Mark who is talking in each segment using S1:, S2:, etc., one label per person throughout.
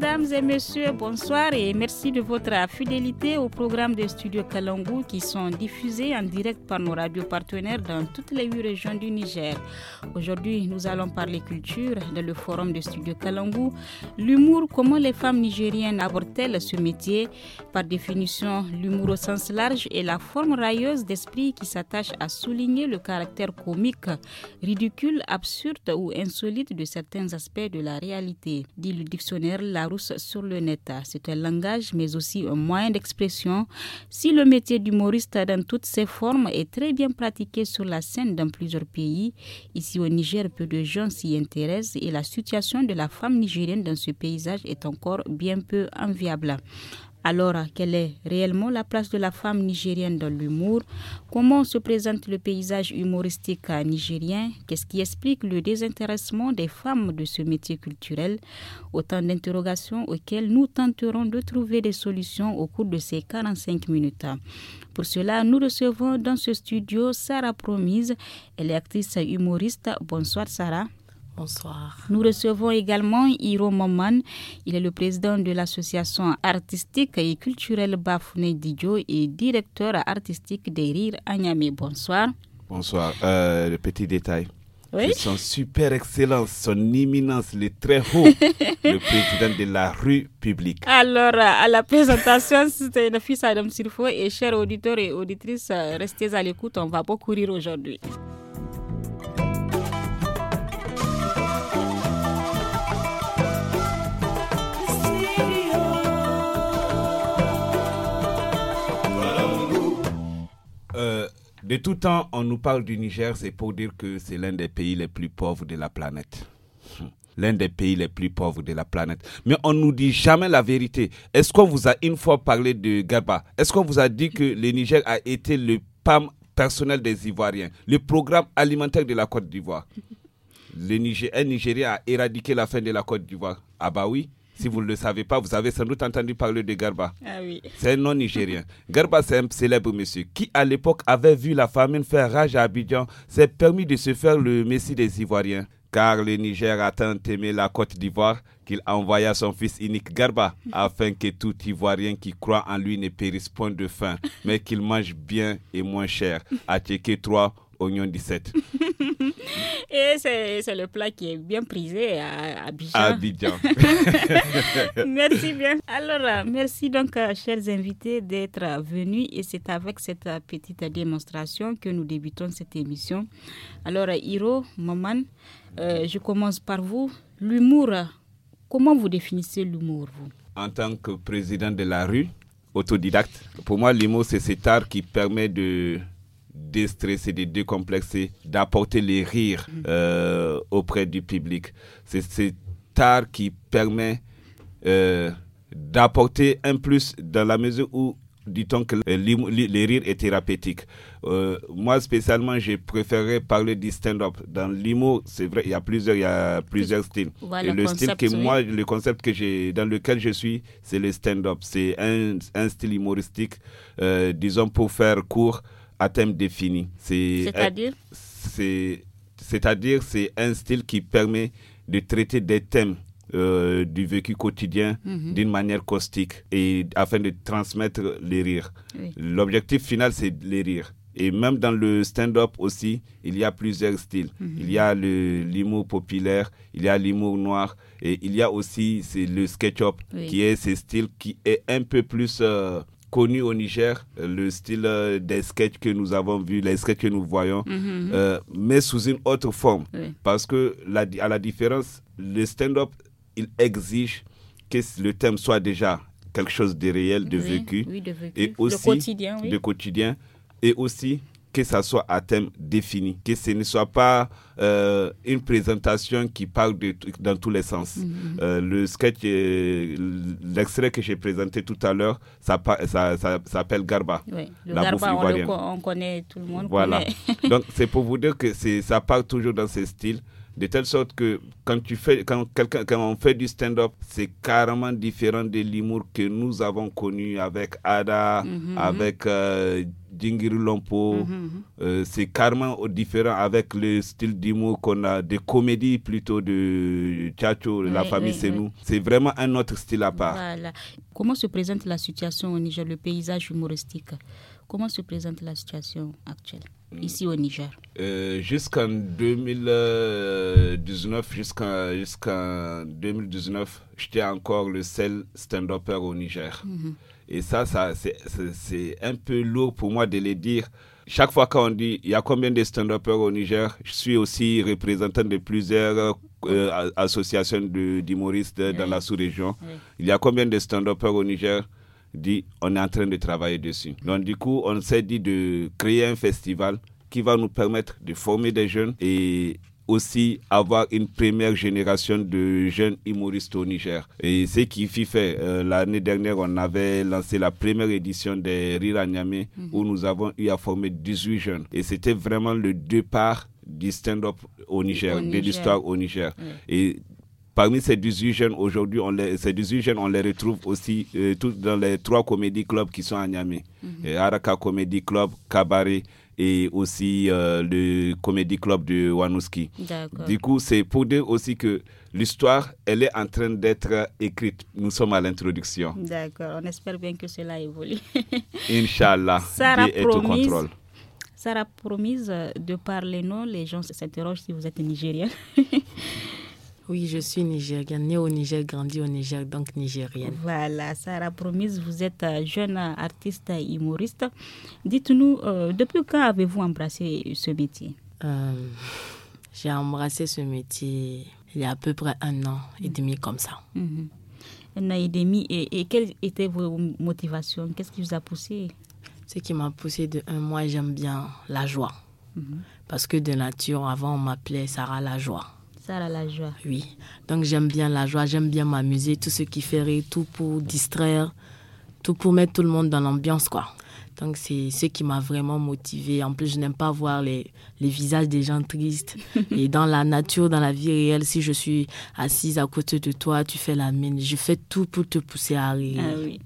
S1: mesdames et messieurs, bonsoir et merci de votre fidélité au programme de Studio Kalangu qui sont diffusés en direct par nos radios partenaires dans toutes les huit régions du Niger. Aujourd'hui, nous allons parler culture dans le forum de Studio Kalangu. L'humour, comment les femmes nigériennes abordent-elles ce métier Par définition, l'humour au sens large est la forme railleuse d'esprit qui s'attache à souligner le caractère comique, ridicule, absurde ou insolite de certains aspects de la réalité. Dit le dictionnaire, la sur le C'est un langage, mais aussi un moyen d'expression. Si le métier d'humoriste dans toutes ses formes est très bien pratiqué sur la scène dans plusieurs pays, ici au Niger, peu de gens s'y intéressent et la situation de la femme nigérienne dans ce paysage est encore bien peu enviable. Alors quelle est réellement la place de la femme nigérienne dans l'humour Comment se présente le paysage humoristique nigérien Qu'est-ce qui explique le désintéressement des femmes de ce métier culturel Autant d'interrogations auxquelles nous tenterons de trouver des solutions au cours de ces 45 minutes. Pour cela, nous recevons dans ce studio Sarah Promise. Elle est actrice humoriste. Bonsoir Sarah. Bonsoir. Nous recevons également Hiro Moman. Il est le président de l'association artistique et culturelle Bafouné Didjo et directeur artistique des Rires à Bonsoir.
S2: Bonsoir. Euh, le petit détail. Oui. Son super excellence, son imminence, le très haut, le président de la rue publique.
S1: Alors, à la présentation, c'était le fils Adam Sirfo et chers auditeurs et auditrices, restez à l'écoute, on va beaucoup rire aujourd'hui.
S2: Euh, de tout temps, on nous parle du Niger, c'est pour dire que c'est l'un des pays les plus pauvres de la planète. Hmm. L'un des pays les plus pauvres de la planète. Mais on ne nous dit jamais la vérité. Est-ce qu'on vous a une fois parlé de Gaba Est-ce qu'on vous a dit que le Niger a été le PAM personnel des Ivoiriens, le programme alimentaire de la Côte d'Ivoire le Niger, Un Nigérien a éradiqué la faim de la Côte d'Ivoire. Ah bah oui, si vous ne le savez pas, vous avez sans doute entendu parler de Garba. Ah c'est un nom nigérien. Garba, c'est un célèbre monsieur qui, à l'époque, avait vu la famine faire rage à Abidjan, s'est permis de se faire le messie des Ivoiriens. Car le Niger a tant aimé la Côte d'Ivoire qu'il envoya son fils unique Garba afin que tout Ivoirien qui croit en lui ne périsse point de faim, mais qu'il mange bien et moins cher. A Tchéké 3, Oignon 17.
S1: Et c'est le plat qui est bien prisé à Abidjan. À merci bien. Alors, euh, merci donc, euh, chers invités, d'être venus. Et c'est avec cette euh, petite démonstration que nous débutons cette émission. Alors, Hiro, Maman, je commence par vous. L'humour, comment vous définissez l'humour, vous
S2: En tant que président de la rue, autodidacte, pour moi, l'humour, c'est cet art qui permet de déstresser, de décomplexer, d'apporter les rires mm. euh, auprès du public. C'est cet art qui permet euh, d'apporter un plus dans la mesure où du temps que les rires est thérapeutique. Euh, moi, spécialement, j'ai préféré parler du stand-up. Dans limo c'est vrai, il y a plusieurs, il y a plusieurs styles. le, concept, style que moi, le concept que j'ai, dans lequel je suis, c'est le stand-up. C'est un, style humoristique, disons, pour faire court, à thème défini. C'est-à-dire euh, C'est-à-dire c'est un style qui permet de traiter des thèmes euh, du vécu quotidien mhm. d'une manière caustique et afin de transmettre les rires. L'objectif final, c'est les rires. Et même dans le stand-up aussi, il y a plusieurs styles. Mhm. Il y a l'humour populaire, il y a l'humour noir, et il y a aussi le sketch-up, qui est ce style qui est un peu plus euh, connu au Niger, euh, le style euh, des sketchs que nous avons vus, les sketchs que nous voyons, mhm, mhm. Euh, mais sous une autre forme. Parce que, la, à la différence, le stand-up, il exige que le thème soit déjà quelque chose de réel, de, vécu, et aussi de quotidien, de quotidien, et aussi que ça soit à thème défini, que ce ne soit pas euh, une présentation qui parle de, dans tous les sens. Mm-hmm. Euh, le sketch, euh, l'extrait que j'ai présenté tout à l'heure, ça, ça, s'appelle Garba. Oui. Le Garba, on, le, on, connaît tout le monde. Voilà. Donc c'est pour vous dire que ça parle toujours dans ce style de telle sorte que quand tu fais quand quelqu'un quand on fait du stand-up c'est carrément différent de l'humour que nous avons connu avec Ada mhm, mhm. avec euh, Lompo mhm, euh, c'est carrément différent avec le style d'humour qu'on a des comédies plutôt de Tchatcho la famille c'est nous c'est vraiment un autre style à part
S1: voilà. comment se présente la situation au Niger le paysage humoristique comment se présente la situation actuelle Mm. ici au Niger
S2: euh, Jusqu'en 2019, jusqu'en 2019, j'étais encore le seul stand-upper au Niger. Mhm. Et ça, ça c'est un peu lourd pour moi de le dire. Chaque fois qu'on dit il y a combien de stand-uppers au Niger, je suis aussi représentant de plusieurs euh, associations d'humoristes dans la sous-région. Il y a combien de stand-uppers au Niger dit on est en train de travailler dessus. Donc du coup, on s'est dit de créer un festival qui va nous permettre de former des jeunes et aussi avoir une première génération de jeunes humoristes au Niger. Et ce qui fit fait, euh, l'année dernière, on avait lancé la première édition des Rires à mhm. où nous avons eu à former 18 jeunes. Et c'était vraiment le départ du stand-up au Niger, de l'histoire au Niger. Parmi ces 18 jeunes, aujourd'hui, on les, 18 on les retrouve aussi euh, dans les trois comédie clubs qui sont à Niamey. Mhm. Euh, Araka Comedy Club, Cabaret et aussi euh, le Comedy Club de Wanouski. Du coup, c'est pour eux aussi que l'histoire, elle est en train d'être écrite. Nous sommes à l'introduction.
S1: D'accord, on espère bien que cela évolue.
S2: Inch'Allah, Dieu est
S1: Sarah promise de parler non, les gens s'interrogent si vous êtes nigérien. Oui, je suis nigérienne, née au Niger, grandi au Niger, donc nigérienne. Voilà, Sarah Promise, vous êtes euh, jeune artiste et humoriste. Dites-nous, euh, depuis quand avez-vous embrassé ce métier euh, J'ai embrassé ce métier
S3: il y a à peu près un an et mm. demi comme ça.
S1: Mm-hmm. Un an et demi, et, quelles étaient vos motivations Qu'est-ce qui vous a poussé Ce qui m'a poussé de un mois, j'aime bien la joie. Mm-hmm.
S3: Parce que de nature, avant, on m'appelait Sarah la joie à la joie. Oui, donc j'aime bien la joie, j'aime bien m'amuser, tout ce qui fait rire, tout pour distraire, tout pour mettre tout le monde dans l'ambiance, quoi. Donc c'est ce qui m'a vraiment motivée. En plus, je n'aime pas voir les, les, visages des gens tristes. Et dans la nature, dans la vie réelle, si je suis assise à côté de toi, tu fais la mine. Je fais tout pour te pousser à rire. Ah oui.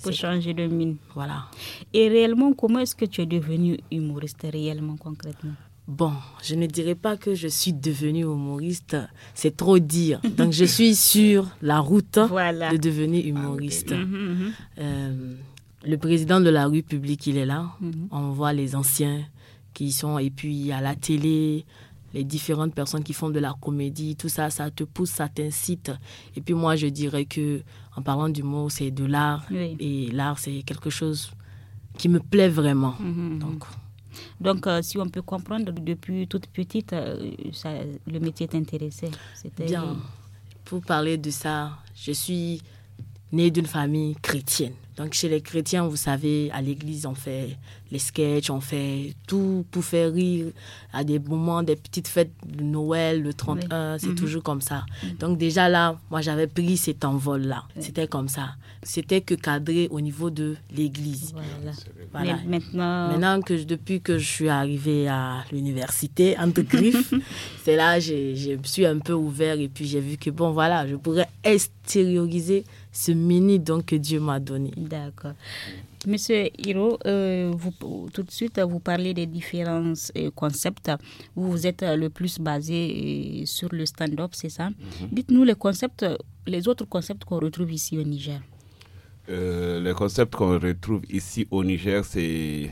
S1: Pour changer de mine. Voilà. Et réellement, comment est-ce que tu es devenue humoriste réellement, concrètement
S3: Bon, je ne dirais pas que je suis devenue
S1: humoriste,
S3: c'est trop dire. Donc je suis sur la route de devenir ah, humoriste. Mhm, mhm. Euh, le président de la rue publique, il est là. Mhm. On voit les anciens qui sont, et puis à la télé, les différentes personnes qui font de la comédie, tout ça, ça te pousse, ça t'incite. Et puis moi, je dirais que en parlant du mot, c'est de l'art. Et l'art, c'est quelque chose qui
S1: me plaît vraiment. Donc donc, euh, si on peut comprendre, depuis toute petite, euh, le métier t'intéressait. Bien. Pour parler de ça, je suis née d'une famille
S3: chrétienne. Donc chez les chrétiens, vous savez, à l'église, on fait les sketchs, on fait tout pour faire rire. À des moments, des petites fêtes de Noël, le 31, c'est mhm. toujours comme ça. Mhm. Donc déjà là, moi j'avais pris cet envol-là. C'était comme ça. C'était que cadré au niveau de l'église. Voilà. Maintenant... maintenant... que depuis que je suis arrivée à l'université, entre griffes, c'est là, que je me suis un peu ouvert et puis j'ai vu que bon, voilà, je pourrais extérioriser ce mini donc que Dieu
S1: m'a donné. D'accord. Monsieur Hiro, euh, vous, tout de suite, vous parlez des différents euh, concepts. Vous vous êtes le plus basé euh, sur le stand-up, c'est ça mhm. Dites-nous les concepts, les autres concepts qu'on retrouve ici au Niger.
S2: les concepts qu'on retrouve ici au Niger, c'est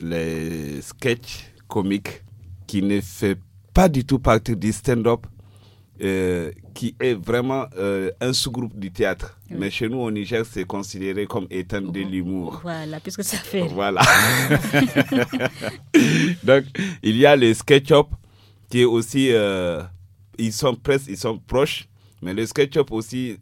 S2: les sketchs comiques qui ne fait pas du tout partie du stand-up, euh, qui est vraiment euh, un sous-groupe du théâtre. Mais chez nous, au Niger, c'est considéré comme étant de l'humour.
S1: Voilà, puisque ça fait. Voilà.
S2: Donc, il y a le SketchUp qui est aussi. Euh, ils sont presque, ils sont proches. Mais le SketchUp aussi,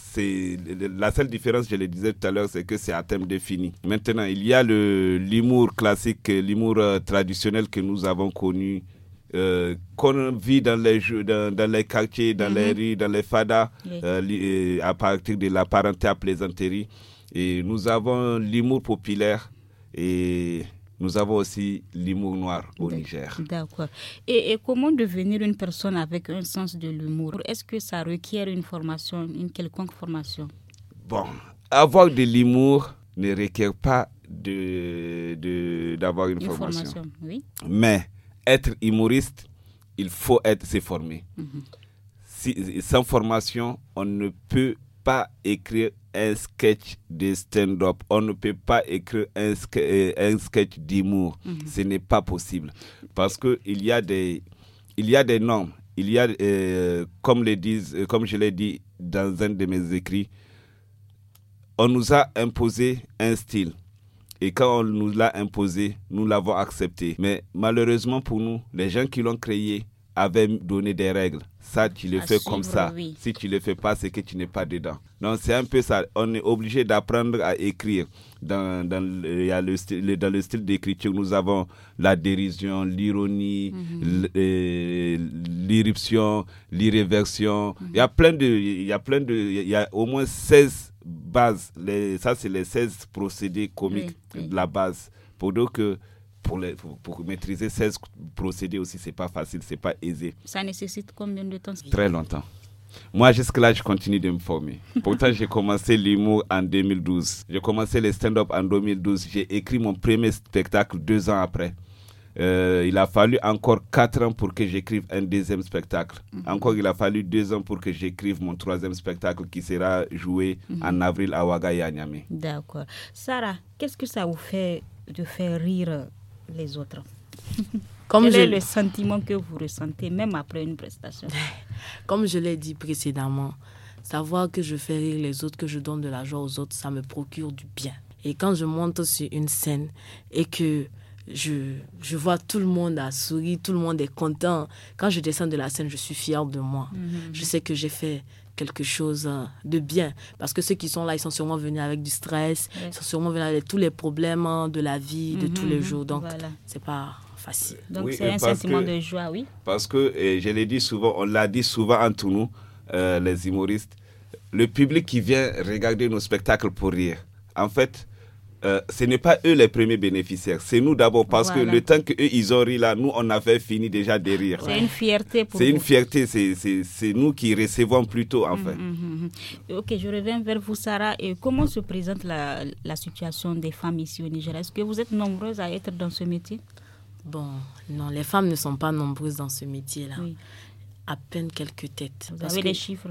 S2: c'est la seule différence, je le disais tout à l'heure, c'est que c'est à thème défini. Maintenant, il y a le l'humour classique, l'humour traditionnel que nous avons connu euh, qu'on vit dans les, dans, les quartiers, dans les mhm. rues, dans les fadas, euh, euh, à partir de la parenté à plaisanterie. Et nous avons l'humour populaire et nous avons aussi l'humour noir au Niger.
S1: D'accord. Et, comment devenir une personne avec un sens de l'humour Est-ce que ça requiert une formation, une quelconque formation
S2: Bon, avoir de l'humour ne requiert pas d'avoir de, de, une, formation. oui. Mais être humoriste, il faut être, se sans formation, on ne peut pas écrire un sketch de stand-up. On ne peut pas écrire un, euh, sketch d'humour. Ce n'est pas possible. Parce qu'il y, a des, il y a des normes. Il y a, euh, comme, disent, euh, comme je l'ai dit dans un de mes écrits, on nous a imposé un style. Et quand on nous l'a imposé, nous l'avons accepté. Mais malheureusement pour nous, les gens qui l'ont créé avaient donné des règles. Ça, tu le fais comme ça. Si tu ne le fais pas, c'est que tu n'es pas dedans. Donc, c'est un peu ça. On est obligé d'apprendre à écrire. Dans, dans, le, le, dans le style d'écriture, nous avons la dérision, l'ironie, mhm. l'irruption, l'irréversion. Il y a plein de. Il y a plein de. Il y a au moins 16 base, les, ça c'est les 16 procédés comiques mm, mm. de la base. Pour donc que pour, les, pour, maîtriser 16 procédés aussi, c'est pas facile, c'est pas aisé.
S1: Ça nécessite combien de temps
S2: Très longtemps. Moi, jusque-là, je continue de me former. Pourtant, j'ai commencé l'humour en 2012. J'ai commencé les stand-up en 2012. J'ai écrit mon premier spectacle deux ans après. Euh, il a fallu encore 4 ans pour que j'écrive un deuxième spectacle. Mhm. Encore, il a fallu 2 ans pour que j'écrive mon troisième spectacle qui sera joué mhm. en avril à Ouaga
S1: D'accord. Sarah, qu'est-ce que ça vous fait de faire rire les autres Comme Quel est le sentiment que vous ressentez même après une prestation
S3: Comme je l'ai dit précédemment, savoir que je fais rire les autres, que je donne de la joie aux autres, ça me procure du bien. Et quand je monte sur une scène et que je, je, vois tout le monde a souri, tout le monde est content. Quand je descends de la scène, je suis fière de moi. Mhm. Je sais que j'ai fait quelque chose hein, de bien. Parce que ceux qui sont là, ils sont sûrement venus avec du stress, ils sont sûrement venus avec tous les problèmes hein, de la vie, de tous les mhm. jours. Donc, c'est pas facile. Donc, c'est un sentiment de joie, oui.
S2: Parce que, je l'ai dit souvent, on l'a dit souvent entre nous, euh, les humoristes, le public qui vient regarder nos spectacles pour rire. En fait, euh, ce n'est pas eux les premiers bénéficiaires, c'est nous d'abord parce que le temps qu'eux ils ont ri là, nous on avait fini déjà de rire. C'est une
S1: fierté pour C'est une
S2: fierté, c'est nous qui recevons plutôt en mm, fait. Mm,
S1: mm, ok, je reviens vers vous Sarah. Et comment se présente la, situation des femmes ici au Niger Est-ce que vous êtes nombreuses à être dans ce métier
S3: Bon, non,
S1: les femmes ne sont pas nombreuses dans ce métier-là. À peine quelques
S3: têtes. Vous avez les chiffres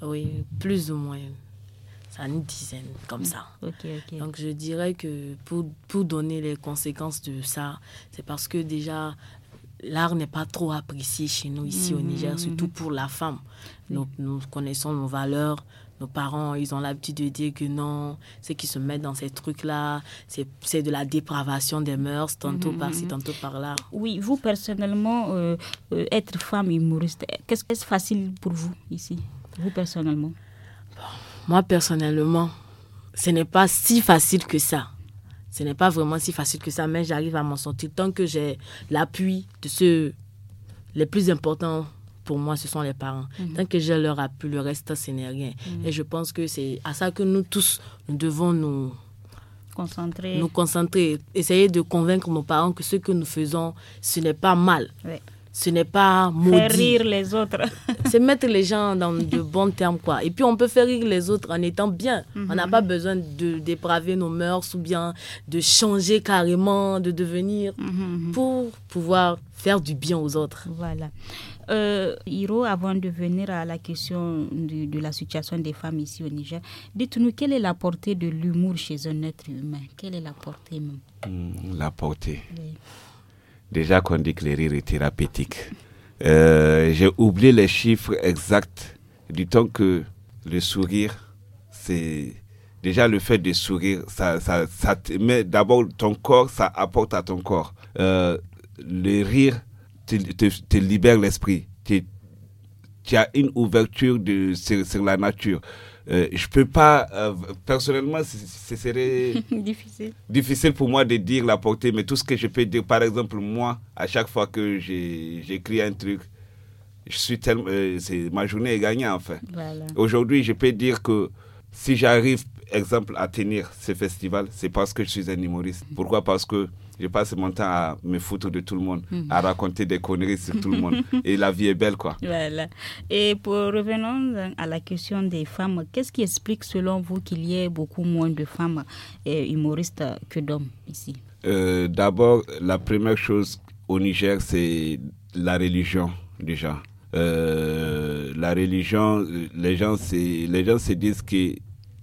S3: Oui, plus ou moins une dizaine comme ça. Donc je dirais que pour, pour donner les conséquences de ça, c'est parce que déjà l'art n'est pas trop apprécié chez nous ici au mhm, Niger, mhm, surtout mhm. pour la femme. Nous, nous, connaissons nos valeurs. Nos parents, ils ont l'habitude de dire que non, ceux qui se mettent dans ces trucs-là, c'est de la dépravation des mœurs, tantôt par-ci, tantôt par-là.
S1: Oui, vous personnellement, euh, euh, être femme humoriste, qu'est-ce qui est facile pour vous ici, vous personnellement moi, personnellement,
S3: ce n'est pas si facile que ça. Ce n'est pas vraiment si facile que ça, mais j'arrive à m'en sortir tant que j'ai l'appui de ceux les plus importants pour moi, ce sont les parents. Mhm. Tant que j'ai leur appui, le reste, ce n'est rien. Mhm. Et je pense que c'est à ça que nous tous, nous devons nous concentrer. essayer de convaincre nos parents que ce que nous faisons, ce n'est pas mal ce n'est pas maudit. Faire rire les autres. c'est mettre les gens dans de bons termes, quoi. Et puis, on peut faire rire les autres en étant bien. On n'a mhm. pas besoin de dépraver nos mœurs ou bien de changer carrément, de devenir, mhm, mhm.
S1: pour pouvoir faire du bien aux autres. Voilà. Euh, Hiro, avant de venir à la question de, la situation des femmes ici au Niger, dites-nous quelle est la portée de l'humour chez un être humain Quelle est la portée
S2: hmm, La portée. Déjà qu'on dit que le rire est thérapeutique. Euh, j'ai oublié les chiffres exacts du temps que le sourire, c'est déjà le fait de sourire, ça, ça, met d'abord ton corps, ça apporte à ton corps. Euh, le rire te, libère l'esprit. Tu as une ouverture de, sur la nature. Je euh, je peux pas, euh, personnellement, ce serait
S4: difficile.
S2: difficile pour moi de dire la portée, mais tout ce que je peux dire, par exemple, moi, à chaque fois que j'écris un truc, je suis tellement, euh, ma journée est gagnée enfin. Voilà. Aujourd'hui, je peux dire que si j'arrive, exemple, à tenir ce festival, c'est parce que je suis un humoriste. Pourquoi Parce que je passe mon temps à me foutre de tout le monde, mhm. à raconter des conneries sur tout le monde. Et la vie est belle, quoi.
S1: Voilà. Et pour revenons à la question des femmes, qu'est-ce qui explique, selon vous, qu'il y ait beaucoup moins de femmes et humoristes que d'hommes ici
S2: euh, D'abord, la première chose au Niger, c'est la religion, déjà. Euh, la religion, les gens, les gens se disent que euh,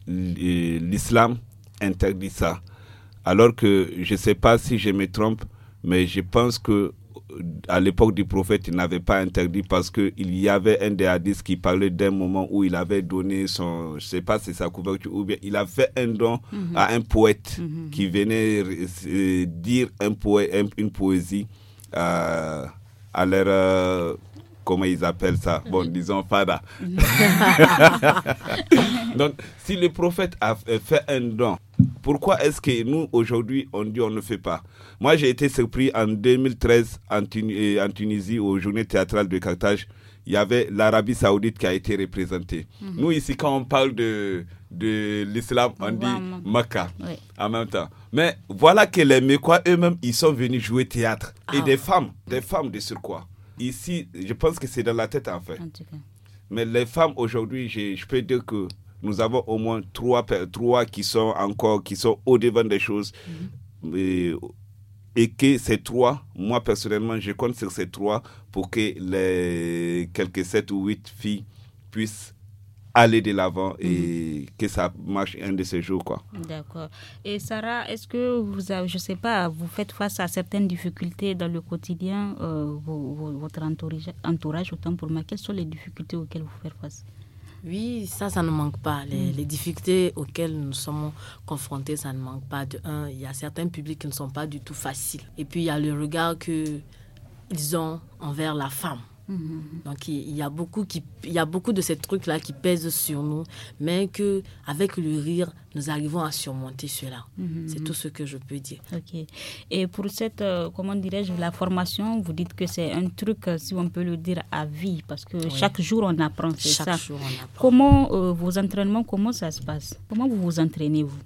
S2: l'islam interdit ça. Alors que je ne sais pas si je me trompe, mais je pense que euh, à l'époque du prophète, il n'avait pas interdit parce qu'il y avait un des hadiths qui parlait d'un moment où il avait donné son, je sais pas si sa couverture, ou bien il a fait un don mhm. à un poète mhm. qui venait euh, dire un une poésie euh, à leur. comment ils appellent ça Bon, mhm. disons Fada. Donc, si le prophète a fait un don pourquoi est-ce que nous, aujourd'hui, on dit on ne fait pas Moi, j'ai été surpris en 2013 euh, en, Tunisie, aux Journées théâtrales de Carthage. Il y avait l'Arabie saoudite qui a été représentée. Mhm. Nous, ici, quand on parle de, de l'islam, on dit en même temps. Mais voilà que les Mekwa, eux-mêmes, ils sont venus jouer théâtre. Et ah. des femmes, des femmes de surcroît. Ici, je pense que c'est dans la tête, en fait. Mais les femmes, aujourd'hui, je peux dire que nous avons au moins trois, trois qui sont encore, qui sont au-devant des choses. Mm-hmm. Et, que ces trois, moi personnellement, je compte sur ces trois pour que les quelques sept ou huit filles puissent aller de l'avant et mm-hmm. que ça marche un de ces jours. quoi.
S1: D'accord. Et Sarah, est-ce que vous, je sais pas, vous faites face à certaines difficultés dans le quotidien, euh, votre entourage, entourage, autant pour moi, quelles sont les difficultés auxquelles vous faites face
S3: oui, ça, ça ne manque pas. Mm. Les, difficultés auxquelles nous sommes confrontés, ça ne manque pas. De un, il y a certains publics qui ne sont pas du tout faciles. Et puis, il y a le regard qu'ils ont envers la femme. Mhm. Donc il y, a beaucoup qui, il y a beaucoup de ces trucs-là qui pèsent sur nous, mais que avec le rire, nous arrivons
S1: à surmonter cela. Mhm. C'est tout ce que je peux dire. Ok. Et pour cette, euh, comment dirais-je, la formation, vous dites que c'est un truc, euh, si on peut le dire, à vie, parce que chaque jour on apprend, ça. Chaque jour on apprend. Comment euh, vos entraînements, comment ça se passe Comment vous vous entraînez vous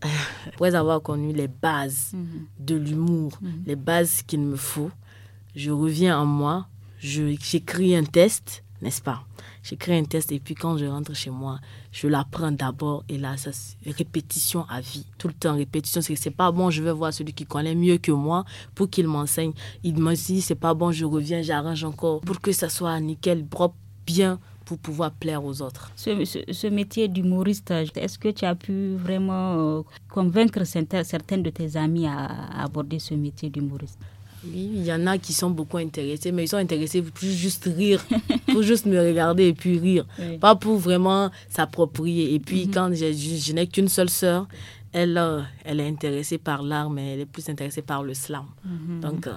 S1: Après avoir connu les bases mhm. de l'humour, les bases qu'il
S3: me faut, je reviens en moi j'écris un test, n'est-ce pas J'écris un test et puis quand je rentre chez moi, je l'apprends d'abord et là, ça, répétition à vie. Tout le temps, répétition. C'est c'est pas bon, je vais voir celui qui connaît mieux que moi pour qu'il m'enseigne. Il me dit, c'est pas bon, je reviens, j'arrange encore pour que ça soit nickel, propre, bien
S1: pour pouvoir plaire aux autres. Ce, métier d'humoriste, est-ce que tu as pu vraiment euh, convaincre certaines de tes amis à aborder ce métier d'humoriste
S3: oui, Il y en a qui sont beaucoup intéressés, mais ils sont intéressés pour juste rire, pour
S1: juste me regarder
S3: et puis rire. Pas pour vraiment s'approprier. Et puis, mhm. quand je, n'ai qu'une seule sœur, elle, euh, elle est intéressée par l'art, mais elle est plus intéressée par le slam. Mhm. Donc, euh,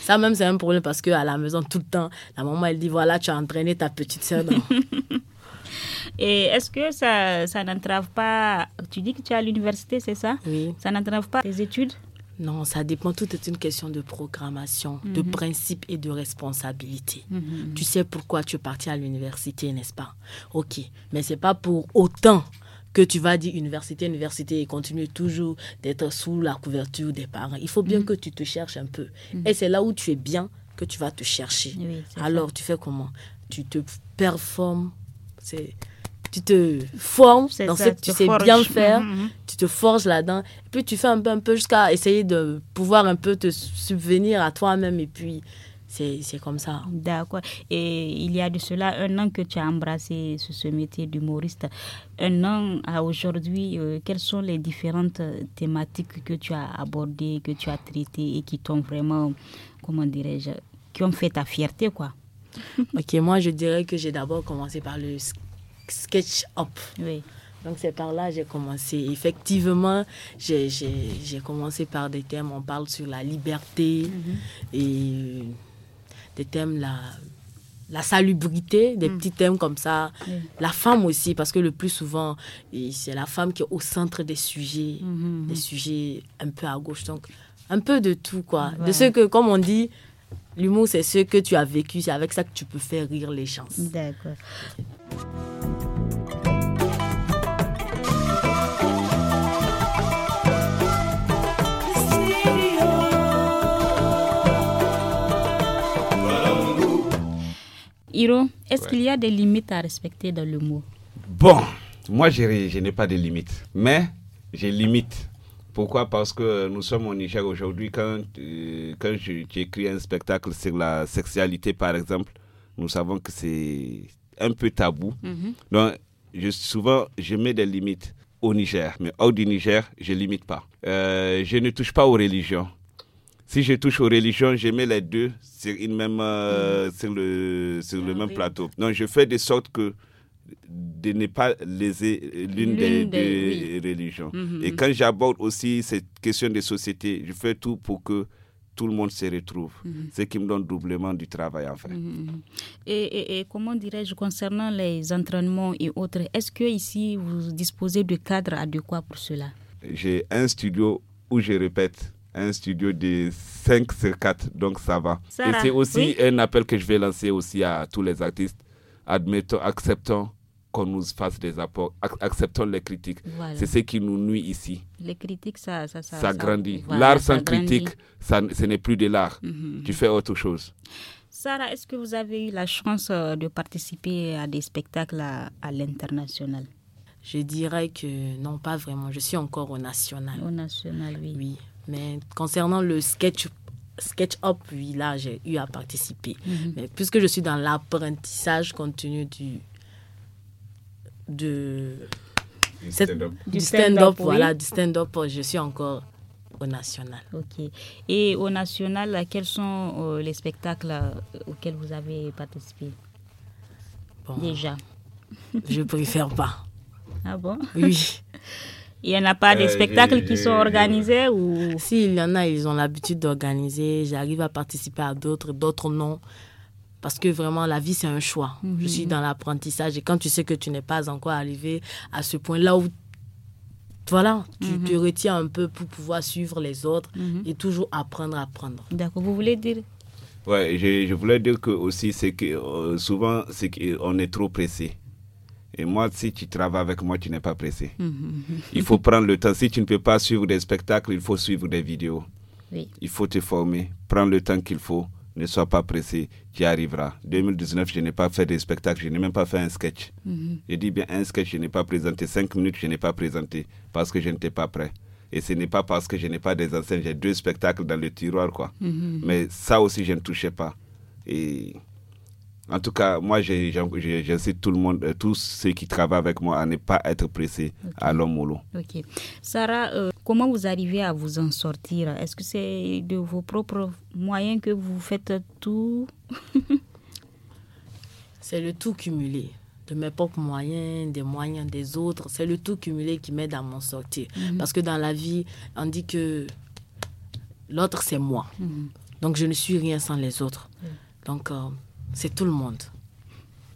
S3: ça même, c'est un problème parce qu'à la maison, tout le temps, la maman, elle dit voilà, tu as entraîné ta petite sœur.
S1: Et est-ce que ça, ça n'entrave pas. Tu dis que tu es à l'université, c'est ça Oui. Ça n'entrave pas tes études
S3: non, ça dépend. Tout est une question de programmation, de mhm. principe et de responsabilité. Mhm, mhm. Tu sais pourquoi tu es parti à l'université, n'est-ce pas Ok, mais c'est pas pour autant que tu vas dire université, université et continuer toujours d'être sous la couverture des parents. Il faut bien que tu te cherches un peu. Et c'est là où tu es bien que tu vas te chercher. Alors, tu fais comment Tu te performes. C'est tu te formes tu sais bien faire, mm, mm, mm. tu te forges là-dedans, puis tu fais un peu, un peu jusqu'à essayer de pouvoir un peu te subvenir à
S1: toi-même, et puis c'est comme ça. D'accord. Et il y a de cela un an que tu as embrassé ce, métier d'humoriste. Un an à aujourd'hui, euh, quelles sont les différentes thématiques que tu as abordées, que tu as traitées et qui t'ont vraiment, comment dirais-je, qui ont fait ta fierté, quoi Ok, moi je dirais que j'ai d'abord
S3: commencé par le, Sketch up. Donc c'est par là que j'ai commencé. Effectivement, j'ai commencé par des thèmes, on parle sur la liberté mm-hmm. et euh, des thèmes, la, la salubrité, des mm. petits thèmes comme ça. La femme aussi, parce que le plus souvent, c'est la femme qui est au centre des sujets, mm-hmm, mm-hmm. des sujets un peu à gauche. Donc un peu de tout, quoi. De ce que, comme on dit, L'humour, c'est ce que tu as vécu, c'est avec ça que tu peux faire rire les gens. D'accord.
S1: Hiro, est-ce qu'il y a des limites à respecter dans l'humour
S2: Bon, moi je, je n'ai pas de limites, mais j'ai limite pourquoi Parce que nous sommes au Niger aujourd'hui. Quand, euh, quand j'écris un spectacle sur la sexualité, par exemple, nous savons que c'est un peu tabou. Mhm. Donc, je, souvent, je mets des limites au Niger, mais hors du Niger, je ne limite pas. Euh, je ne touche pas aux religions. Si je touche aux religions, je mets les deux sur, une même, euh, mhm. sur le, sur le ah même plateau. Donc, je fais de sorte que de ne pas léser l'une des, religions. Mhm, et mhm. quand j'aborde aussi cette question des sociétés, je fais tout pour que tout le monde se retrouve, mhm. ce qui me donne doublement du travail en fait.
S1: et, comment dirais-je concernant les entraînements et autres, est-ce que ici vous disposez de cadres adéquats pour cela
S2: J'ai un studio où je répète un studio de 5 sur 4, donc ça va. et c'est aussi un appel que je vais lancer aussi à tous les artistes admettons, acceptons qu'on nous fasse des apports, acceptons les critiques. C'est ce qui nous nuit ici.
S1: Les critiques, ça, ça, ça, ça grandit. L'art sans critique,
S2: ça, ce n'est plus de l'art. Mhm. Tu fais autre chose.
S1: Sarah, est-ce que vous avez eu la chance euh, de participer à des spectacles à, l'international Je dirais que non, pas vraiment. Je suis
S3: encore au national. Au national, Oui. Mais concernant le sketch SketchUp, oui, là, j'ai eu à participer. Mhm. Mais puisque je suis dans l'apprentissage continu du. De, du stand-up. voilà, du stand-up, je suis encore au national.
S1: Ok. Et au national, quels sont euh, les spectacles euh, auxquels vous avez participé Déjà. Je préfère pas. Ah bon Oui. Il n'y en a pas
S3: des euh, spectacles qui sont organisés ou... Si, il y en a, ils ont l'habitude d'organiser. J'arrive à participer à d'autres, d'autres non. Parce que vraiment, la vie, c'est un choix. Mhm. Je suis dans l'apprentissage et quand tu sais que tu n'es pas encore arrivé à ce point-là où voilà, tu mhm. te retiens un peu pour pouvoir suivre les autres mhm. et toujours apprendre à apprendre. D'accord, vous voulez
S1: dire
S2: Ouais, je, voulais dire que aussi, c'est que euh, souvent, c'est qu'on est trop pressé. Et moi, si tu travailles avec moi, tu n'es pas pressé. Mhm, mhm. Il faut prendre le temps. Si tu ne peux pas suivre des spectacles, il faut suivre des vidéos. Il faut te former. Prends le temps qu'il faut. Ne sois pas pressé. Tu y arriveras. 2019, je n'ai pas fait de spectacles, Je n'ai même pas fait un sketch. Mhm. Je dis bien un sketch, je n'ai pas présenté. Cinq minutes, je n'ai pas présenté parce que je n'étais pas prêt. Et ce n'est pas parce que je n'ai pas des enseignes, j'ai deux spectacles dans le tiroir, quoi. Mais ça aussi, je ne touchais pas. Et en tout cas, moi, j'incite tout le monde, euh, tous ceux qui travaillent avec moi à ne pas être pressés à l'homme au
S1: Ok. Sarah, euh, comment vous arrivez à vous en sortir Est-ce que c'est de vos propres moyens que vous faites tout C'est le tout
S3: cumulé. De mes propres moyens, des moyens des autres. C'est le tout cumulé qui m'aide à m'en sortir. Mhm. Parce que dans la vie, on dit que l'autre, c'est moi. Mhm. Donc, je ne suis rien sans les autres. Donc, euh, c'est tout le monde.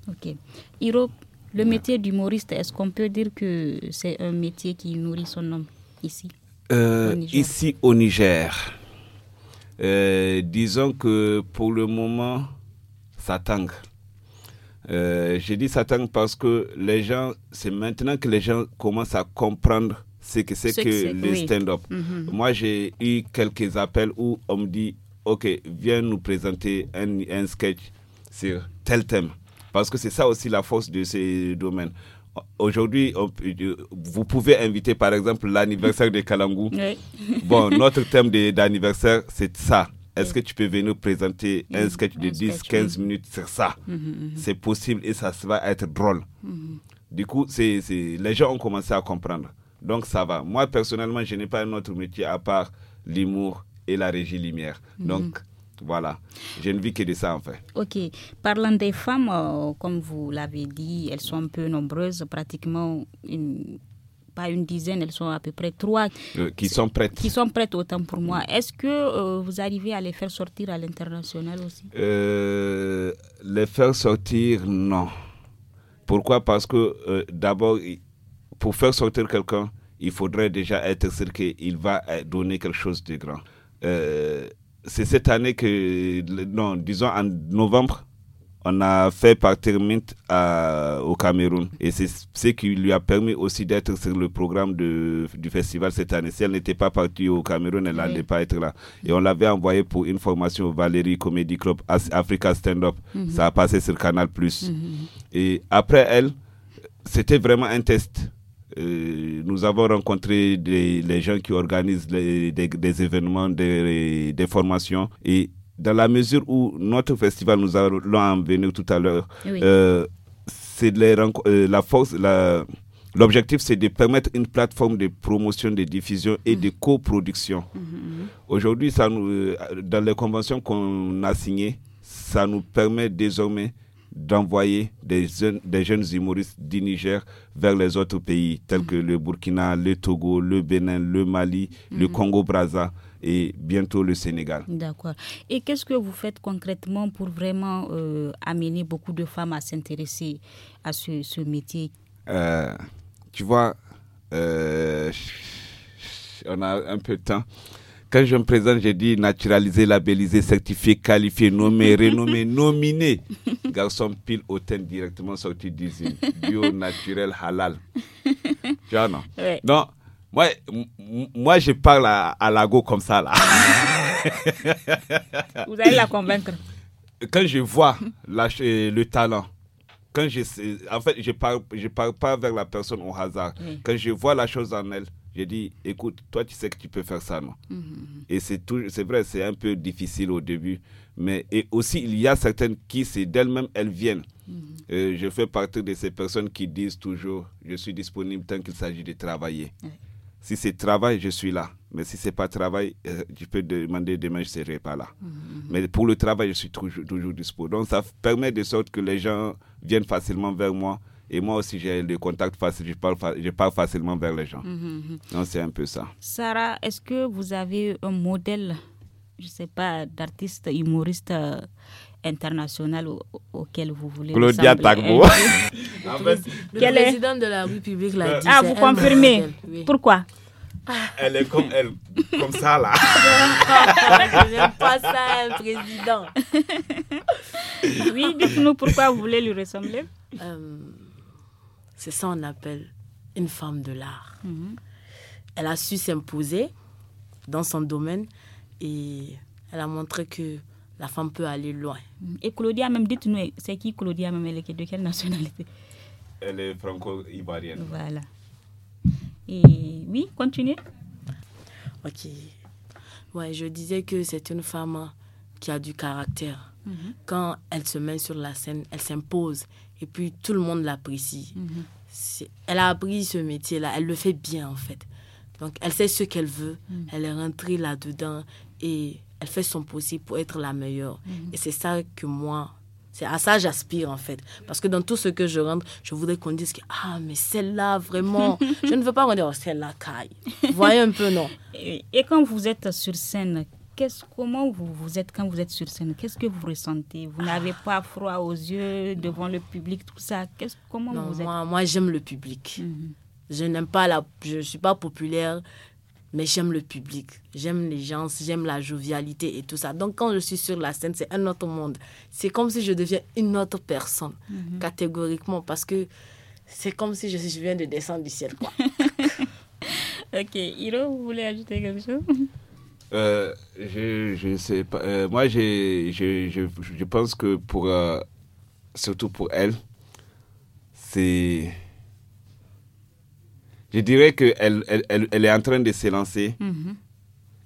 S1: Ok. Hiro, le métier d'humoriste, est-ce qu'on peut dire que c'est un métier qui nourrit son homme ici
S2: euh, Ici au Niger, euh, disons que pour le moment, ça tangue. Euh, je dis ça tangue parce que les gens, c'est maintenant que les gens commencent à comprendre ce que c'est que, le stand-up. Mhm. Moi, j'ai eu quelques appels où on me dit, OK, viens nous présenter un sketch sur tel thème. Parce que c'est ça aussi la force de ces domaines. Aujourd'hui, euh, vous pouvez inviter par exemple l'anniversaire de Kalangu. Bon, notre thème d'anniversaire, c'est ça. Est-ce que tu peux venir présenter mm-hmm. un sketch de 10-15 minutes sur ça mm-hmm, mm-hmm. C'est possible et ça va être drôle. Du coup, c'est les gens ont commencé à comprendre. Donc ça va. Moi, personnellement, je n'ai pas un autre métier à part l'humour et la régie lumière. Donc voilà, je ne vis que de ça en fait.
S1: Ok, parlant des femmes, euh, comme vous l'avez dit, elles sont un peu nombreuses, pratiquement pas une dizaine, elles sont à peu près trois.
S2: Euh, qui sont prêtes. Qui
S1: sont prêtes autant pour moi. Est-ce que euh, vous arrivez à les faire sortir à l'international aussi
S2: Les faire sortir, non. Pourquoi Parce que d'abord, pour faire sortir quelqu'un, il faudrait déjà être sûr qu'il va donner quelque chose de grand c'est cette année que, non, disons en novembre, on a fait partir Mint euh, au Cameroun. Et c'est ce qui lui a permis aussi d'être sur le programme du festival cette année. Si elle n'était pas partie au Cameroun, elle n'allait pas être là. Et on l'avait envoyée pour une formation au Valérie Comedy Club, Africa Stand Up. Mhm. Ça a passé sur Canal+. Plus mhm. Et après elle, c'était vraiment un test euh, nous avons rencontré des, les gens qui organisent des, événements, des, formations. Et dans la mesure où notre festival, nous allons en venir tout à l'heure, euh, c'est euh, la force, L'objectif, c'est de permettre une plateforme de promotion, de diffusion et de mm. coproduction. Mm, mm, Aujourd'hui, dans les conventions qu'on a signées, ça nous permet désormais d'envoyer des, jeunes, des jeunes humoristes du Niger vers les autres pays tels que le Burkina, le Togo, le Bénin, le Mali, le mhm. Congo-Brazza et bientôt le Sénégal.
S1: D'accord. Et qu'est-ce que vous faites concrètement pour vraiment euh, amener beaucoup de femmes à s'intéresser à ce, métier
S2: euh, Tu vois, euh, on a un peu de temps. Quand je me présente, j'ai dit naturalisé, labellisé, certifié, qualifié, nommé, renommé, nominé garçons pile au thème directement sorti d'usine. Bio, naturel, halal. tu non moi, je parle à, à Lago comme ça, là. Vous allez la convaincre. Quand je vois euh, le talent, quand je, en fait, je parle, je parle pas vers la personne au hasard. Quand je vois la chose en elle, je dis, écoute, toi, tu sais que tu peux faire ça, non hum, hum, hum. et Et c'est vrai, c'est un peu difficile au début mais et aussi, il y a certaines qui, c'est d'elles-mêmes, elles viennent. Mhm. Euh, je fais partie de ces personnes qui disent toujours, je suis disponible tant qu'il s'agit de travailler. Si c'est travail, je suis là. Mais si c'est pas travail, euh, je peux demander demain, je serai pas là. Mhm, mhm. Mais pour le travail, je suis toujours, toujours dispo. Donc ça permet de sorte que les gens viennent facilement vers moi. Et moi aussi, j'ai le contact facile, je parle, je parle facilement vers les gens. Donc c'est un peu ça.
S1: Sarah, est-ce que vous avez un modèle je ne sais pas, D'artiste... Humoriste... Euh, international Auquel vous voulez. Claudia Tagbo. Ah, ah, ben, ben, quelle est le président de la République l'a dit. Ah, vous confirmez Pourquoi
S2: ah. elle est comme elle, comme ça là.
S1: Je n'aime pas ça, un président. Oui, dites-nous pourquoi vous voulez lui ressembler. Euh,
S3: c'est ça on appelle une femme de l'art. Mhm. Elle a su s'imposer dans son domaine et elle a montré que
S1: la femme peut aller loin. Mm. Et Claudia même, dites-nous, c'est qui Claudia même, elle est de quelle nationalité
S2: Elle est franco ibarienne Voilà.
S1: Et oui, continuez.
S3: Ok. Ouais, je disais que c'est une femme qui a du caractère. Mm-hmm. Quand elle se met sur la scène, elle s'impose et puis tout le monde l'apprécie. Mm-hmm. Elle a appris ce métier-là, elle le fait bien en fait. Donc elle sait ce qu'elle veut, mm. elle est rentrée là-dedans et elle fait son possible pour être la meilleure. Mhm. Et c'est ça que moi, c'est à ça j'aspire en fait. Parce que dans tout ce que je rentre,
S1: je voudrais qu'on dise que, ah, mais celle-là, vraiment. je ne veux pas qu'on dise, oh, celle-là caille. voyez un peu, non et, quand vous êtes sur scène, comment vous, vous êtes quand vous êtes sur scène Qu'est-ce que vous ressentez Vous n'avez ah. pas froid aux yeux devant le public, tout ça Comment vous êtes
S3: Moi, j'aime le public. Mhm. Je n'aime pas la. Je ne suis pas populaire mais j'aime le public, j'aime les gens, j'aime la jovialité et tout ça. Donc quand je suis sur la scène, c'est un autre monde. C'est comme si je deviens une autre personne, mhm. catégoriquement, parce que c'est comme si je, viens de descendre du ciel. Quoi. ok,
S1: Hiro, vous voulez ajouter quelque chose
S2: euh, je, je sais pas. Euh, moi, je, je, pense que pour, euh, surtout pour elle, c'est je dirais qu'elle elle, est en train de s'élancer mhm.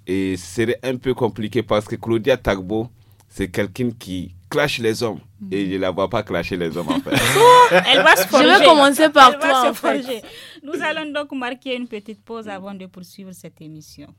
S2: Et c'est serait un peu compliqué parce que Claudia Tagbo, c'est quelqu'un qui clash les hommes. Et mhm. je ne la vois pas clasher les hommes, en fait.
S3: elle va se Je vais commencer par toi,
S1: Nous allons donc marquer une petite pause avant de poursuivre cette émission.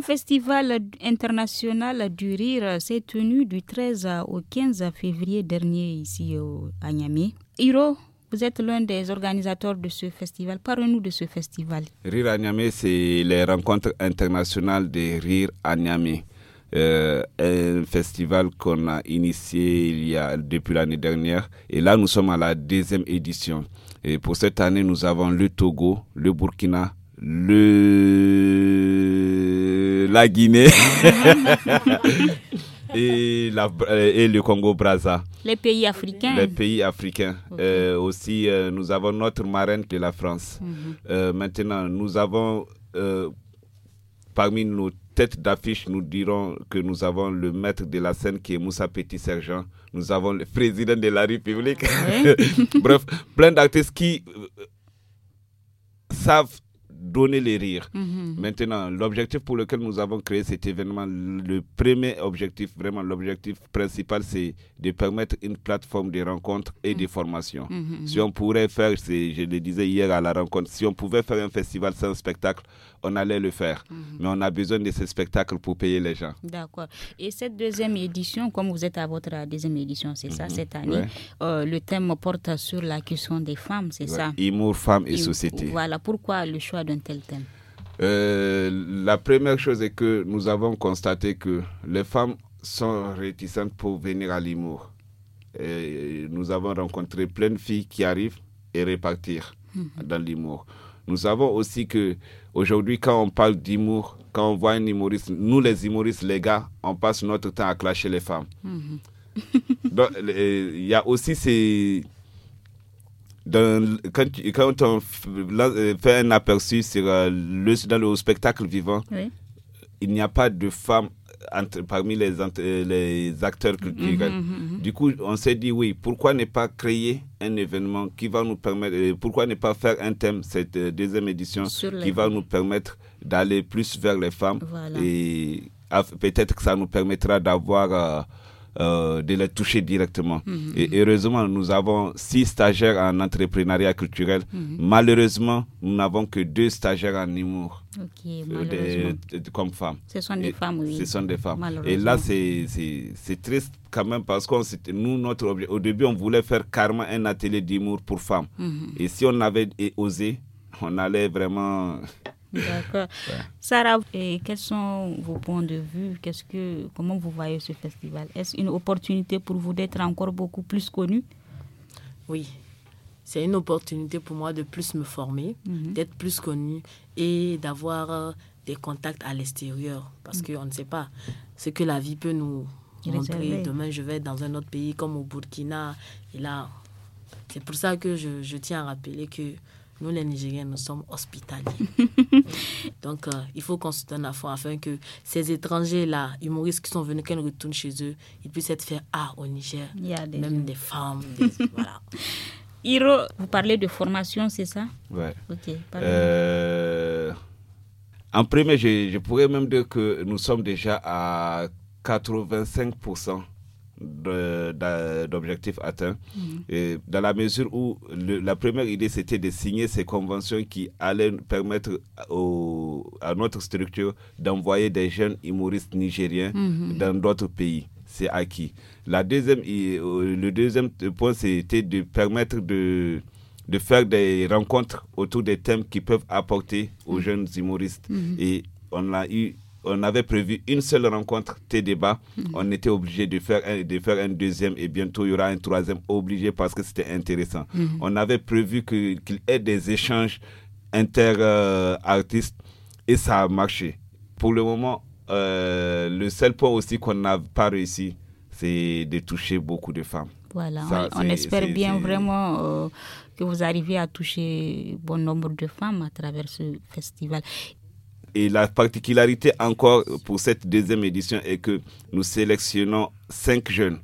S1: Un festival international du rire s'est tenu du 13 au 15 février dernier ici à Niamey. Hiro, vous êtes l'un des organisateurs de ce festival. Parlez-nous de ce festival.
S2: Rire à Niamey, c'est les rencontres internationales de Rire à Niamey. Euh, un festival qu'on a initié il y a, depuis l'année dernière. Et là, nous sommes à la deuxième édition. Et pour cette année, nous avons le Togo, le Burkina, le la Guinée et, le Congo Brazza.
S1: Les pays africains. Les
S2: pays africains. Euh, aussi, euh, nous avons notre marraine qui la France. Mhm. Euh, maintenant, nous avons parmi nos têtes d'affiche, nous dirons que nous avons le maître de la scène qui est Moussa Petit Sergent. Nous avons le président de la République. Bref, plein d'artistes qui savent donner les rires. Mhm. Maintenant, l'objectif pour lequel nous avons créé cet événement, le premier objectif, vraiment l'objectif principal, c'est de permettre une plateforme de rencontres et de mhm. formation. Mhm, si on pourrait faire, je le disais hier à la rencontre, si on pouvait faire un festival sans spectacle, on allait le faire. Mais on a besoin de ces spectacles pour payer les gens.
S1: D'accord. Et cette deuxième édition, comme vous êtes à votre deuxième édition, c'est ça, cette année, euh, le thème porte sur la question des femmes, c'est ça Humour, femmes et, et, hum, société. Voilà, pourquoi le choix de tel thème
S2: euh, La première chose est que nous avons constaté que les femmes sont réticentes pour venir à Limour. nous avons rencontré plein de filles qui arrivent et repartir mhm. dans Limour. Nous savons aussi que aujourd'hui, quand on parle d'humour, quand on voit un humoriste, nous les humoristes, les gars, on passe notre temps à clasher les femmes. Mhm. il y a aussi ces quand, quand, on euh, fait un aperçu sur euh, le, dans le spectacle vivant, il n'y a pas de femmes entre, parmi les, euh, les acteurs culturels. Mhm, mhm, mhm. Du coup, on s'est dit oui, pourquoi ne pas créer un événement qui va nous permettre, pourquoi ne pas faire un thème, cette deuxième édition, qui va nous permettre d'aller plus vers les femmes et peut-être que ça nous permettra d'avoir. Euh, de les toucher directement. Mhm, et mhm. heureusement, nous avons six stagiaires en entrepreneuriat culturel. Mhm. Malheureusement, nous n'avons que deux stagiaires en humour. Euh, comme femmes. Ce sont des femmes, Ce sont des femmes. Et là, c'est triste quand même parce que nous, notre objet, au début, on voulait faire carrément un atelier d'humour pour femmes. Et si on avait osé, on allait vraiment D'accord.
S1: Sarah, et quels sont vos points de vue Qu'est-ce que, Comment vous voyez ce festival Est-ce une opportunité pour vous d'être encore beaucoup plus connu
S3: Oui, c'est une opportunité pour moi de plus me former, mhm. d'être plus connu et d'avoir euh, des contacts à l'extérieur parce mm. que on qu'on ne sait pas ce que la vie peut nous montrer. Demain, je vais dans un autre pays comme au Burkina et là, c'est pour ça que je tiens à rappeler que nous, les Nigériens, nous sommes hospitaliers. Donc, euh, il faut qu'on se donne à fond afin que ces étrangers-là, humoristes qui sont venus, qu'ils retournent chez eux, ils puissent être faits à au Niger. Il y a
S1: même des femmes. voilà. Hiro, vous parlez de formation, c'est ça Oui. Ok.
S2: Euh, en premier, je, je pourrais même dire que nous sommes déjà à 85% d'objectifs atteints. Mm-hmm. Et dans la mesure où la première idée, c'était de signer ces conventions qui allaient permettre à notre structure d'envoyer des jeunes humoristes nigériens mm-hmm. dans d'autres pays. C'est acquis. La deuxième, euh, le deuxième point, c'était de permettre de de faire des rencontres autour des thèmes qui peuvent apporter aux mm-hmm. jeunes humoristes. Et on a eu on avait prévu une seule rencontre, TDBA. Mhm. On était obligé de faire, un, de faire un deuxième et bientôt il y aura un troisième obligé parce que c'était intéressant. Mhm. On avait prévu qu'il y ait des échanges inter-artistes et ça a marché. Pour le moment, euh, le seul point aussi qu'on n'a pas réussi, c'est de toucher beaucoup de femmes. Voilà, on, espère bien vraiment
S1: euh, que vous arrivez à toucher bon nombre de femmes à travers ce festival.
S2: Et la particularité encore pour cette deuxième édition est que nous sélectionnons cinq jeunes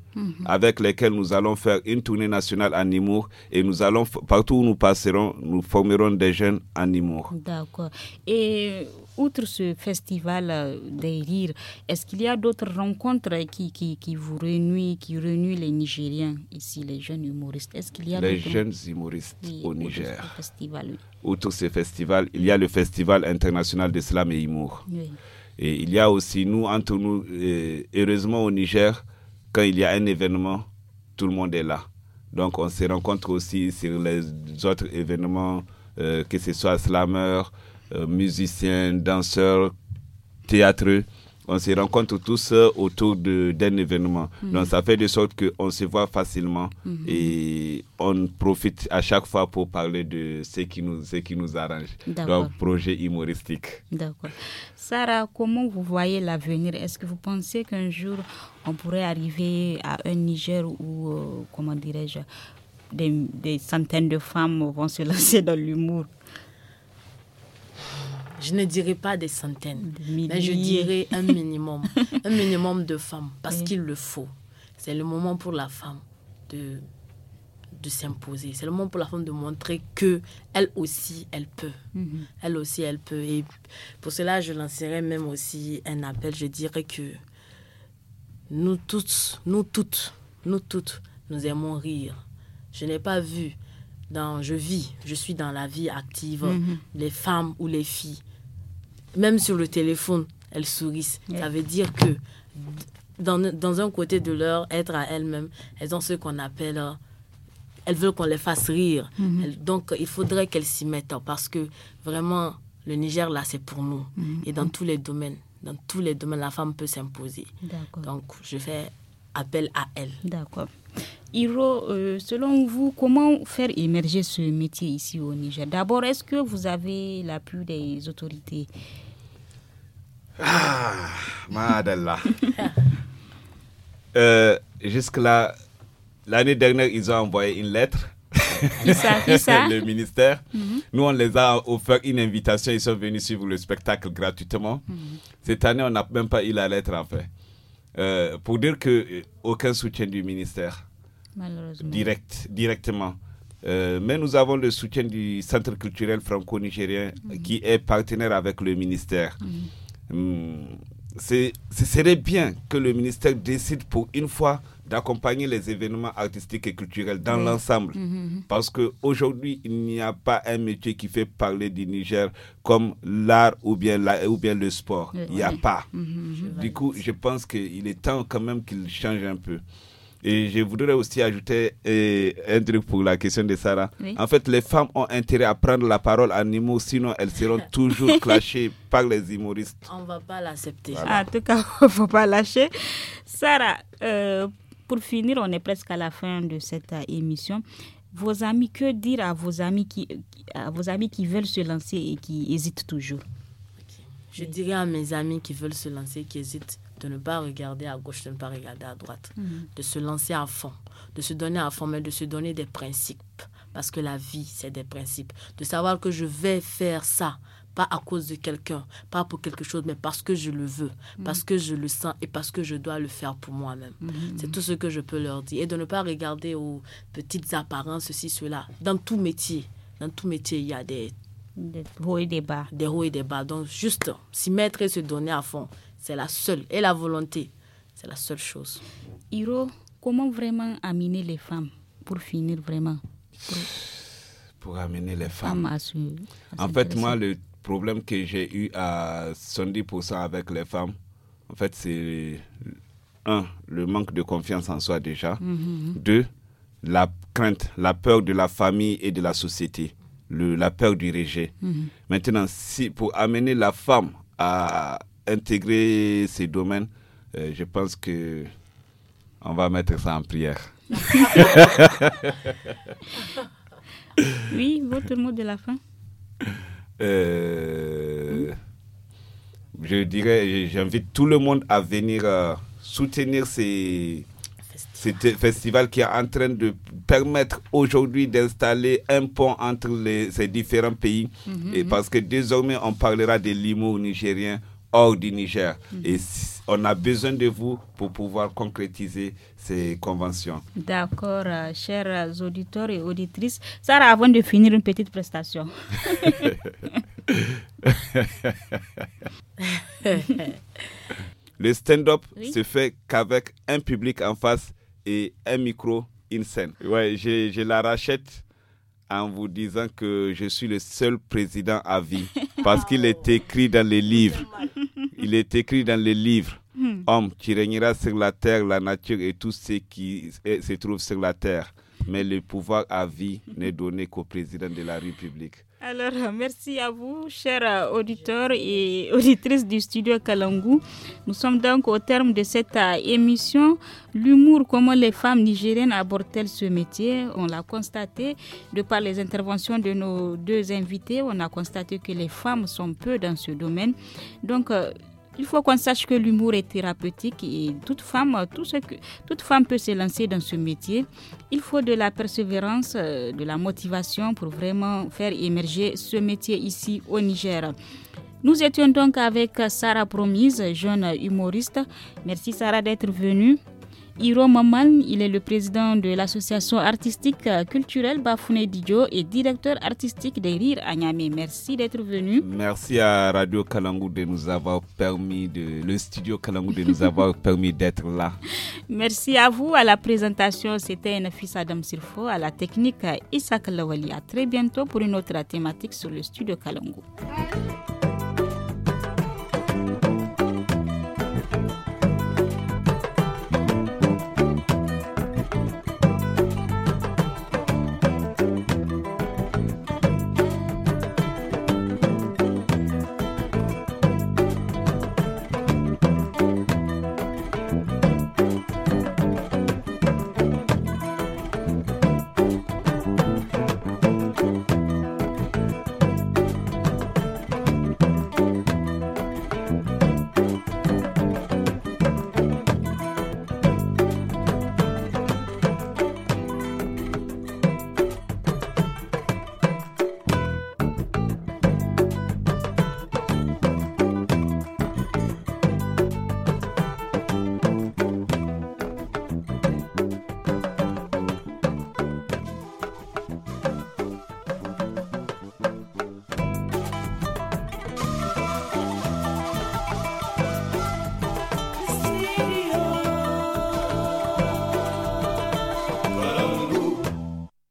S2: avec lesquels nous allons faire une tournée nationale à Nîmour et nous allons partout où nous passerons, nous formerons des jeunes à Nîmour. D'accord.
S1: Et outre ce festival euh, des rires, est-ce qu'il y a d'autres rencontres qui, qui, qui vous réunissent, qui réunissent les Nigériens ici, les jeunes humoristes Est-ce qu'il y a les jeunes humoristes au Niger
S2: Outre ce festival, ce festival il y a le festival international d'islam et humour. Et il y a aussi, nous, entre nous, heureusement au Niger, quand il y a un événement, tout le monde est là. Donc on se rencontre aussi sur les autres événements, euh, que ce soit slammer, euh, musicien, musiciens, danseurs, théâtreux. On se rencontre tous euh, autour d'un événement. Mm. Donc ça fait de sorte qu'on se voit facilement mm-hmm. et on profite à chaque fois pour parler de ce qui nous, ce qui nous arrange. Donc projet humoristique.
S1: D'accord. Sarah, comment vous voyez l'avenir Est-ce que vous pensez qu'un jour on pourrait arriver à un Niger où, euh, comment dirais-je, des, centaines de femmes vont se lancer dans l'humour.
S3: Je ne dirais pas des centaines, mais je dirais un minimum, un minimum de femmes, parce qu'il le faut. C'est le moment pour la femme de, de s'imposer. C'est le moment pour la femme de montrer que elle aussi, elle peut. Mhm. Elle aussi, elle peut. Et pour cela, je lancerai même aussi un appel. Je dirais que nous toutes, nous toutes, nous toutes, nous aimons rire. Je n'ai pas vu dans je vis, je suis dans la vie active, mhm. les femmes ou les filles, même sur le téléphone, elles sourissent. Ça veut dire que dans, un côté de leur être à elles-mêmes, elles ont ce qu'on appelle, euh, elles veulent qu'on les fasse rire. Mhm. donc il faudrait qu'elles s'y mettent hein, parce que vraiment, le Niger, là, c'est pour nous mhm. et dans tous les domaines. Dans tous les domaines,
S1: la femme peut s'imposer. Donc, je fais appel à elle. D'accord. Hiro, euh, selon vous, comment faire émerger ce métier ici au Niger D'abord, est-ce que vous avez l'appui des autorités
S2: Ah, madallah. Euh, jusque-là, l'année dernière, ils ont envoyé une lettre le ministère. Mhm. Nous, on les a offert une invitation. Ils sont venus suivre le spectacle gratuitement. Mhm. Cette année, on n'a même pas eu la lettre en fait. Euh, pour dire que euh, aucun soutien du ministère.
S1: Direct,
S2: directement. Euh, mais nous avons le soutien du Centre culturel franco-nigérien mhm. qui est partenaire avec le ministère. Hmm ce serait bien que le ministère décide pour une fois d'accompagner les événements artistiques et culturels dans l'ensemble. Mhm, mhm, mhm. parce Parce qu'aujourd'hui, il n'y a pas un métier qui fait parler du Niger comme l'art ou bien, ou bien le sport. Il n'y a pas. Du coup, je pense qu'il est temps quand même qu'il change un peu. Et je voudrais aussi ajouter eh, un truc pour la question de Sarah. En fait, les femmes ont intérêt à prendre la parole en sinon elles seront toujours clashées par les humoristes.
S1: On ne va pas l'accepter. Ah, en tout cas, on ne faut pas lâcher. Sarah, euh, pour finir, on est presque à la fin de cette euh, émission. Vos amis, que dire à vos amis qui, à vos amis qui veulent se lancer et qui hésitent toujours Je dirais à mes amis qui veulent se lancer,
S3: qui hésitent, de ne pas regarder à gauche, de ne pas regarder à droite, mhm. de se lancer à fond, de se donner à fond, mais de se donner des principes. Parce que la vie, c'est des principes. De savoir que je vais faire ça, pas à cause de quelqu'un, pas pour quelque chose, mais parce que je le veux, mhm. parce que je le sens et parce que je dois le faire pour moi-même. Mhm, c'est tout ce que je peux leur dire. Et de ne pas regarder aux petites apparences, ceci, cela. Dans tout métier, dans tout métier, il y a des... Des hauts et des bas. Des hauts et des bas. Donc, juste s'y mettre et se donner à fond c'est la seule. Et la volonté, c'est la seule chose.
S1: Hiro, comment vraiment amener les femmes pour finir vraiment
S2: pour... amener les femmes. en fait, moi, le problème que j'ai eu à 70% avec les femmes, en fait, c'est un, le manque de confiance en soi déjà. Mhm, mhm. Deux, la crainte, la peur de la famille et de la société, le, la peur du rejet. Mhm. Maintenant, si, pour amener la femme à intégrer ces domaines, euh, je pense que on va mettre ça en prière.
S1: oui, votre mot de la fin.
S2: Euh, je dirais, j'invite tout le monde à venir euh, soutenir ce festival qui est en train de permettre aujourd'hui d'installer un pont entre ces différents pays. Mhm. Et parce que désormais, on parlera des limo nigériens, hors du Niger. Mm. Et on a besoin de vous pour pouvoir concrétiser ces conventions.
S1: D'accord, euh, chers auditeurs et auditrices. ça avant de finir, une petite prestation.
S2: Le stand-up se fait qu'avec un public en face et un micro, une scène. Ouais, je la rachète en vous disant que je suis le seul président à vie, parce qu'il est écrit dans les livres. Il est écrit dans les livres. Hmm. Homme, tu régneras sur la terre, la nature et tout ce qui se trouve sur la terre. Mais le pouvoir à vie n'est donné qu'au président de la République.
S1: Alors, euh, merci à vous, chers euh, auditeurs et auditrices du studio Kalangu. Nous sommes donc au terme de cette euh, émission. L'humour, comment les femmes nigériennes abordent-elles ce métier On l'a constaté de par les interventions de nos deux invités. On a constaté que les femmes sont peu dans ce domaine. Donc, il faut qu'on sache que l'humour est thérapeutique et toute femme, toute femme peut se lancer dans ce métier. Il faut de la persévérance, euh, de la motivation pour vraiment faire émerger ce métier ici au Niger. Nous étions donc avec Sarah Promise, jeune humoriste. Merci Sarah d'être venue. Hiro Maman, il est le président de l'association artistique culturelle Bafoune Didio et directeur artistique des Rires à Niamey. Merci d'être venu.
S2: Merci à Radio Kalangou de nous avoir permis de, le studio Kalangou de nous avoir permis d'être là.
S1: Merci à vous. À la présentation, c'était Nafis Adam Sirfo, à la technique Issa Kalawali. À très bientôt pour une autre thématique sur le studio Kalangou.